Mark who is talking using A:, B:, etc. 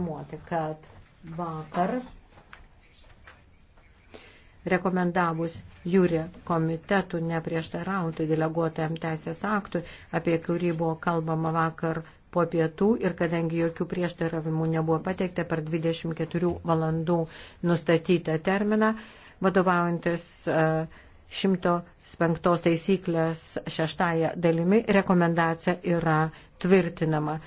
A: informuoti, kad vakar rekomendavus jūri komitetų neprieštarauti deleguotojam teisės aktui, apie kurį buvo kalbama vakar po pietų ir kadangi jokių prieštaravimų nebuvo pateikta per 24 valandų nustatytą terminą, vadovaujantis 105 e, taisyklės šeštąją dalimi rekomendacija yra tvirtinama.